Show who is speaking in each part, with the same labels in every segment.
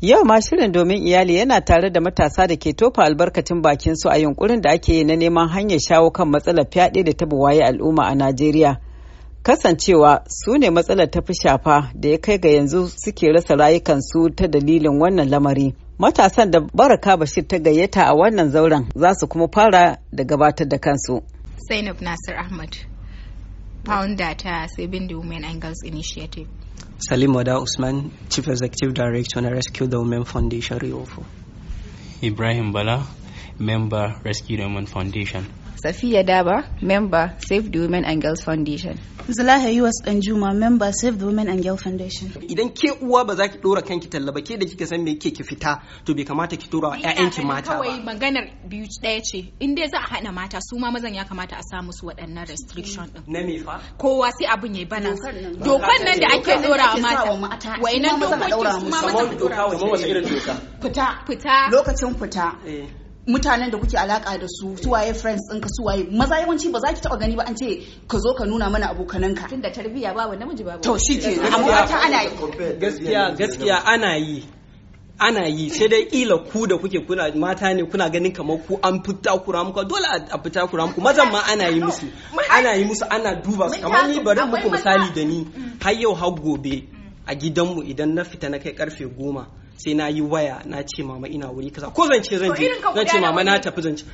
Speaker 1: Yau ma shirin domin iyali yana tare da matasa da ke tofa albarkacin bakin su a yunkurin da ake yi na neman hanyar shawo kan matsalar fyaɗe da ta buwaye al'umma a Najeriya. Kasancewa su ne matsalar ta fi shafa da ya kai ga yanzu suke rasa rayukansu ta dalilin wannan lamari. Matasan da Baraka Bashir ta gayyata a wannan zauren za su kuma fara da gabatar da kansu.
Speaker 2: Zainab Nasir Ahmad, founder ta Saving Women Angles Initiative.
Speaker 1: Salim Oda Usman,
Speaker 3: Chief Executive Director on Rescue the Women Foundation, Riofo.
Speaker 2: Ibrahim Bala,
Speaker 3: Member Rescue the Women Foundation.
Speaker 2: Safiya Daba, member Save the Women and Girls Foundation. Zulaha US Danjuma, member Save the Women and Girls Foundation. Idan ke
Speaker 3: uwa ba za ki dora kanki talla ba ke da kika san me ke ki fita to bai kamata ki dora ƴaƴanki mata ba.
Speaker 2: Kawai maganar biyu ɗaya ce. In dai za a hana mata su ma mazan ya kamata a sa musu waɗannan restriction din. Na me fa? Kowa sai abin yayi balance. Dokan nan da ake dora wa mata. Wainan dokokin su ma mazan. Kamar
Speaker 3: doka wa irin doka.
Speaker 2: Fita. Fita. Lokacin fita. Eh. mutanen da kuke alaka da su suwaye friends ɗinka suwaye maza yawanci ba za ki taɓa gani ba an ce ka zo ka nuna mana abokananka tun da tarbiyya ba wanda miji ba to shi ke amma ta ana yi
Speaker 3: gaskiya gaskiya ana yi ana yi sai dai kila ku da kuke kuna mata ne kuna ganin kamar ku an fita kura muku dole a fita kura muku mazan ma ana yi musu ana yi musu ana duba su kamar ni bari muku misali da ni har yau har gobe a gidanmu idan na fita na kai karfe goma sai na yi waya na ce mama ina wuri kaza ko zan ce zan je zan ce mama na tafi zan ce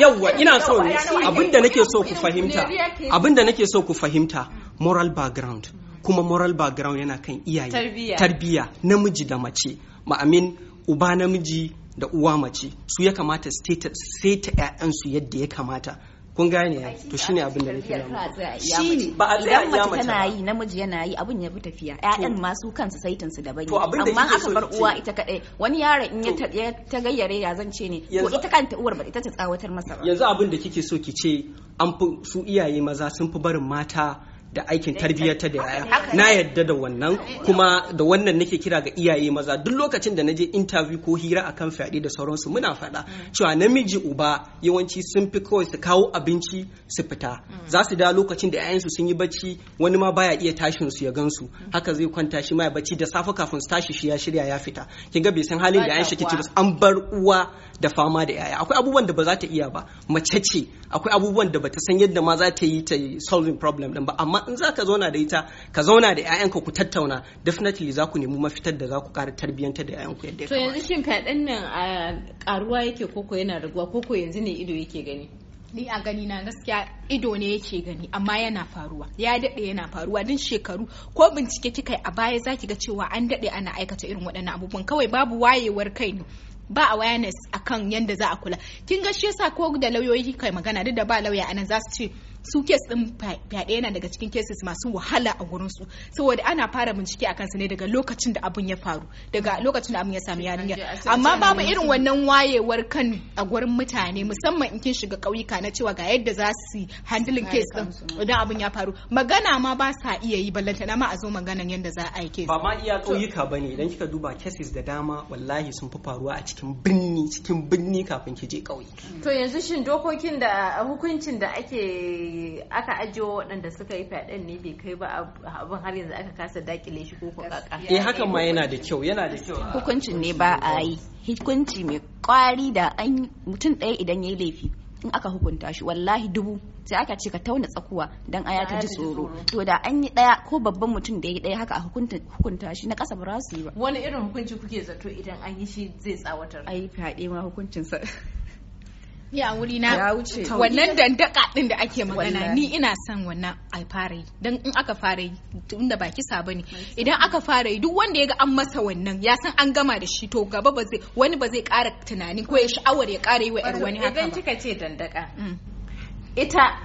Speaker 2: yawwa ina so abinda nake so ku fahimta abinda nake
Speaker 3: so ku fahimta moral background kuma moral background yana kan
Speaker 2: iyaye tarbiya
Speaker 3: namiji da mace ma'amin uba namiji da uwa mace su ya kamata seta 'ya'yansu yadda ya kamata kun gane to shine abin da nake
Speaker 2: nan shine ba a tsaya iya mace tana yi namiji yana yi abin ya bi tafiya ƴaƴan ma su kansu saitin su daban amma aka bar uwa ita kadai wani yaron in ya ta gayyare ya zance ne ko ita kanta uwar ba ita ta tsawatar masa ba
Speaker 3: yanzu abin da kike so ki ce an fi su iyaye maza sun fi barin mata da aikin tarbiyyar ta da yaya na yadda da wannan kuma da wannan nake kira ga iyaye maza duk lokacin da naje interview ko hira akan fyaɗe da sauransu muna faɗa mm. cewa namiji uba yawanci sun fi kawai su kawo abinci su fita mm. za su da lokacin da 'ya'yansu sun yi bacci wani ma baya iya tashin su ya gansu mm. haka zai kwanta shi ma ya bacci da safe kafin su tashi shi ya shirya ya fita kin ga bai san halin da 'ya'yan shi ke an bar uwa da fama da yaya akwai abubuwan da ba za ta iya ba mace ce akwai abubuwan da bata san yadda ma za ta yi ta solving problem din ba amma in za ka zauna da ita ka zauna da 'ya'yanka ku tattauna definitely za ku nemi mafitar da za ku ƙara tarbiyyanta da 'ya'yanku yadda ya to
Speaker 2: yanzu shin dan nan a karuwa yake koko yana raguwa koko yanzu ne ido yake gani ni a gani na gaskiya ido ne yake gani amma yana faruwa ya daɗe yana faruwa din shekaru ko bincike kika a baya zaki ga cewa an daɗe ana aikata irin waɗannan abubuwan kawai babu wayewar kai ne ba awareness akan yanda za a kula kin ga shi yasa ko da lauyoyi kai magana duk da ba lauya anan za su ce su kes din fyaɗe yana daga cikin cases masu wahala a gurin su saboda ana fara bincike akan su ne daga lokacin da abun ya faru daga lokacin da abun ya sami yarinya amma babu irin wannan wayewar kan a gurin mutane musamman in kin shiga ƙauyuka na cewa ga yadda za su handling kes din idan abun ya faru magana ma ba sa iya yi na ma a zo maganan yadda za a yi kes ba ma iya ƙauyuka
Speaker 3: bane idan kika duba cases da dama wallahi sun fi faruwa a cikin birni cikin birni kafin ki je
Speaker 2: ƙauye to yanzu shin dokokin da hukuncin da ake aka ajiye waɗanda suka yi fyaɗen ne bai kai ba abin har yanzu aka kasa dakile shi ko kaka eh hakan ma yana
Speaker 3: da kyau yana da kyau hukuncin
Speaker 2: ne ba a yi hukunci mai kwari da an mutum ɗaya idan ya yi laifi in aka hukunta shi wallahi dubu sai aka ce ka tauna tsakuwa dan aya ta ji tsoro to da an yi daya ko babban mutum da ya yi daya haka a hukunta shi na kasa ba su yi ba wani irin hukunci kuke zato idan an yi shi zai tsawatar yi fyaɗe ma hukuncin sa ya wuri na wannan dandaka din da ake magana ni ina son wannan a fara yi dan in aka fara yi tunda ba ne ne idan aka fara yi duk wanda ya ga an masa wannan ya san an gama da shi to gaba ba zai wani ba zai ƙara tunani ko ya sha'awar ya ƙara yi wa yar wani haka idan kika ce dandaka mm. ita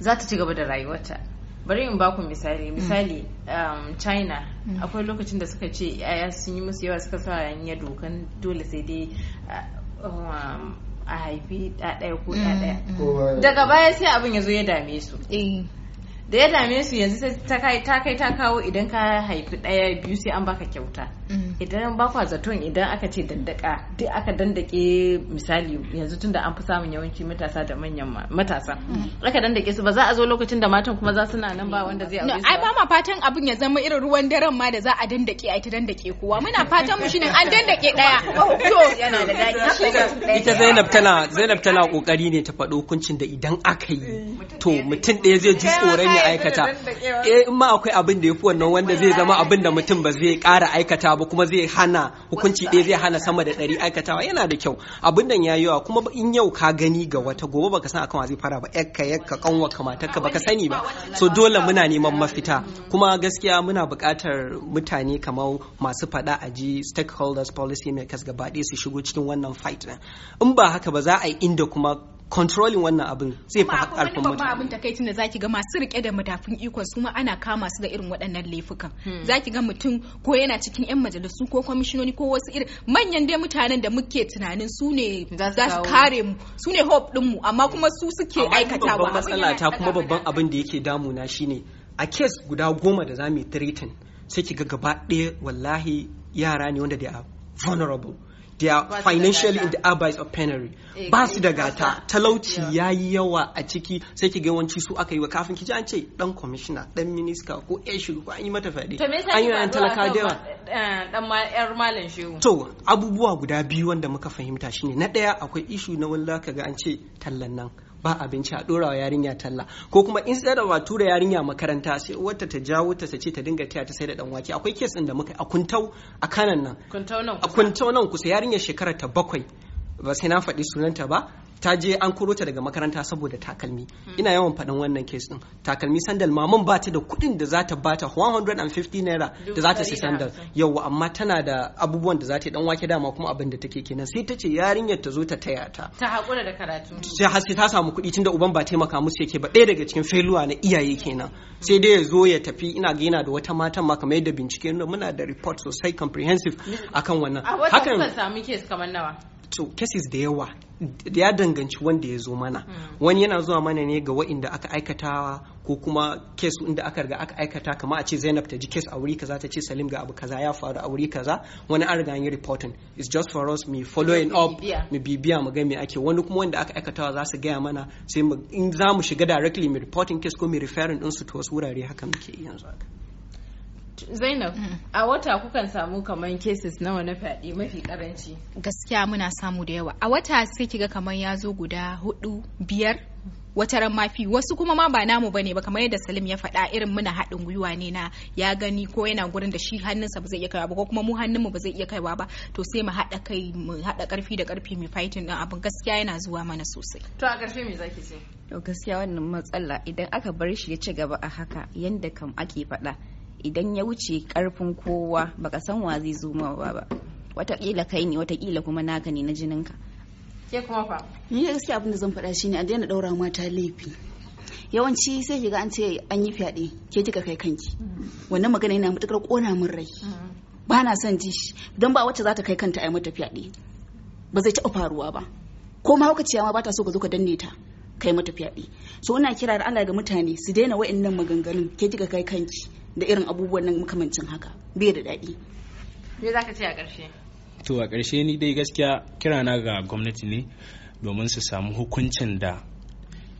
Speaker 2: za ta ci gaba da rayuwarta bari in baku misali mm. misali um, china mm. akwai lokacin da suka ce yaya sun yi musu yawa suka sa ya dokan dole sai dai uh, um, a haifi ɗaya ko mm, ɗaya mm. daga baya sai abin ya zo ya dame su eh. da ya dame su yanzu sai ta kai ta kai ta kawo idan ka haifi ɗaya biyu sai an baka kyauta mm. idan ba kwa zaton idan aka ce dandaka duk aka dandake misali yanzu tunda an fi samun yawanci matasa da manyan matasa mm. aka dandake su ba za a zo lokacin da matan kuma za su na nan ba wanda zai aure su ai ba ma fatan abin ya zama irin ruwan daren ma da za a dandake ai ta dandake kowa muna fatan mu shine an dandake daya oh, to yana da dadi ita Zainab
Speaker 3: tana Zainab tana kokari ne ta faɗo hukuncin da idan aka yi mm. to mutum ɗaya zai ji tsoron ya aikata eh, in ma akwai abin da yafi wannan wanda zai zama abin da mutum ba zai kara aikata ba kuma zai hana hukunci ɗaya eh, zai hana sama da ɗari aikatawa yana da kyau abin nan yi wa kuma in yau ka gani ga wata gobe baka san akan wa zai fara ba yakka yakka kanwa kamata ka baka sani ba so dole muna neman mafita kuma gaskiya muna buƙatar mutane kamar masu faɗa a ji stakeholders policy makers gaba ɗaya su shigo cikin wannan fight in ba haka ba za a yi inda kuma controlling wannan abin zai fi haƙar kuma
Speaker 2: abin takaicin da zaki ga masu rike da matafin iko su ma ana kama su da irin waɗannan laifukan. Hmm. Zaki ga mutum ko yana cikin 'yan majalisu ko kwamishinoni ko wasu irin manyan dai mutanen da muke tunanin su ne za su kare mu su ne hope din mu amma kuma su suke aikatawa. Babban matsala ta kuma
Speaker 3: babban abin da yake damuna shine a kes guda goma da za mu yi sai ki ga gaba ɗaya wallahi yara ne wanda da vulnerable they are financially in the abyss of penury ba su da gata eh, talauci ya yi yawa a ciki sai ki ga yawanci su aka yi wa kafin kiji an ce dan Commissioner dan minister ko yan ko an yi mata fyaɗe an yi an talaka da yawa
Speaker 2: dan ma yar eh, malam shehu
Speaker 3: to abubuwa guda biyu wanda muka fahimta shine na ɗaya akwai ishu na wallahi kaga an ce tallan nan ba abinci a dora wa yarinya talla ko kuma in da ba tura yarinya makaranta sai wata ta jawo ta sace ta dinga taya ta sai da dan wake akwai kes din da muka a kuntau a kanan nan kuntau nan kusa yarinya shekara ta bakwai ba sai na faɗi sunanta ba ta je an kuro ta daga makaranta saboda takalmi hmm. ina yawan faɗin wannan kes din takalmi sandal maman ba ta da kuɗin da za ta bata 150 naira da za ta sai sandal yawa amma tana da abubuwan da za ta yi dan wake dama kuma abin da take kenan sai ta ce yarinyar ta zo ta taya ta
Speaker 1: ta hakura da karatu
Speaker 3: sai har sai ta samu kuɗi tunda uban ba taimaka musu yake ba ɗaya daga cikin failuwa na iyaye kenan sai dai ya zo ya tafi ina ga yana da wata matan ma kamar yadda bincike muna da report sosai comprehensive akan wannan hakan
Speaker 2: samu kamar nawa
Speaker 3: to cases da yawa ya danganci wanda ya zo mana hmm. wani yana zuwa mana ne ga wa'inda aka aikata ko kuma kes inda aka riga aka aikata kama a ce Zainab ta ji kes a wuri kaza ta ce Salim ga abu kaza ya faru a wuri kaza wani an riga yi reporting it's just for us me following up mu bibiya mu ga me ake wani kuma wanda aka aikatawa za su gaya mana sai in za mu shiga directly mu reporting case ko mu referring din su to wasu wurare haka muke yanzu haka
Speaker 2: Zainab, mm. a wata kukan samu kamar cases nawa na fyaɗe mafi karanci? Gaskiya muna samu da yawa. A wata sai kiga kamar ya zo guda hudu, biyar, wata ran mafi wasu kuma ma ba namu bane ba kamar yadda Salim ya faɗa irin muna haɗin gwiwa ne na ya gani ko yana gurin da shi hannunsa ba zai iya kaiwa ba ko kuma mu hannunmu ba zai iya kaiwa ba to sai mu haɗa kai mu haɗa ƙarfi da ƙarfi mu fighting din abin gaskiya yana zuwa mana sosai to a ƙarshe me zaki ce to gaskiya wannan matsala idan aka bar shi ya ci gaba a haka yanda kam ake faɗa idan ya wuce karfin kowa baka san wa zai zo ba watakila kai ne watakila kuma naka ne na jininka ke kuma fa ni gaskiya abin da zan faɗa shine a daina daura mata laifi yawanci sai kiga an ce an yi fyaɗe ke kika kai kanki wannan magana yana matukar kona min rai mm-hmm. ba na son ji shi don ba wacce za ta kai kanta a yi mata fyaɗe ba zai taɓa faruwa ba ko ma ma ba ta so ka zo ka danne ta kai mata fyaɗe so ina kira da Allah ga mutane su daina wa'annan maganganun ke kika kai kanki da irin abubuwan nan makamancin haka bai da daɗi me zaka ce a ƙarshe to a ƙarshe ni dai gaskiya kira na ga gwamnati ne
Speaker 3: domin su samu hukuncin da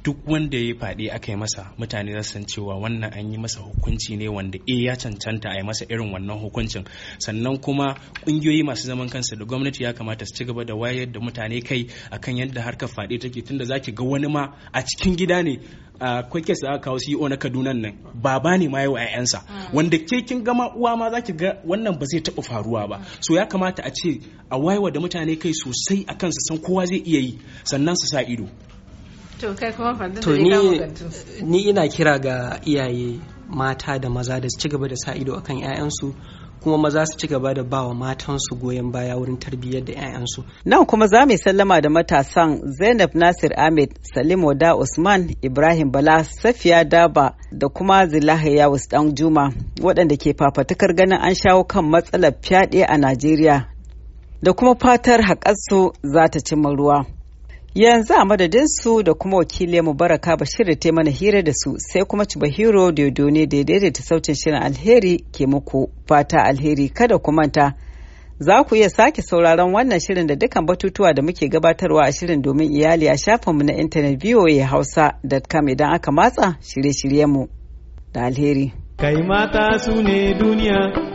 Speaker 3: duk wanda ya faɗi aka yi masa mutane za san cewa wannan an yi masa hukunci ne wanda eh ya cancanta a yi masa irin wannan hukuncin sannan kuma ƙungiyoyi masu zaman kansa da gwamnati ya kamata su ci gaba da wayar da mutane kai akan yadda harkar faɗi take tunda ki ga wani ma a cikin gida ne a kwakes da aka kawo CEO na Kaduna nan baba ne ma yawa ƴaƴansa mm. wanda ke kin gama uwa ma zaki ga wannan ba zai taɓa faruwa ba mm. so ya kamata a ce a wayewa da mutane kai sosai akan su san kowa zai iya yi sannan su sa ido
Speaker 2: to
Speaker 3: ni ina kira ga iyaye mata da maza da su ci gaba da sa ido akan 'ya'yansu kuma maza su ci gaba da ba wa matansu goyon baya wurin tarbiyyar da 'ya'yansu.
Speaker 1: Nan kuma za mu sallama da matasan Zainab Nasir Ahmed, Salim Oda Usman, Ibrahim Bala, Safiya Daba da kuma Zilaha Yawus Dan Juma waɗanda ke fafatukar ganin an shawo kan matsalar fyaɗe a Najeriya da kuma fatar haƙarsu za ta cimma ruwa. yanzu a madadin su da kuma mu baraka bashir shirya ta mana hira da su sai kuma cibahiro ne da ya ta sautin shirin alheri ke muku fata alheri kada ku manta za ku iya sake sauraron wannan shirin da dukkan batutuwa da muke gabatarwa a shirin domin iyali a shafinmu na intanet voa hausa.com idan aka matsa shirye-shiryenmu da alheri kai
Speaker 3: mata su ne duniya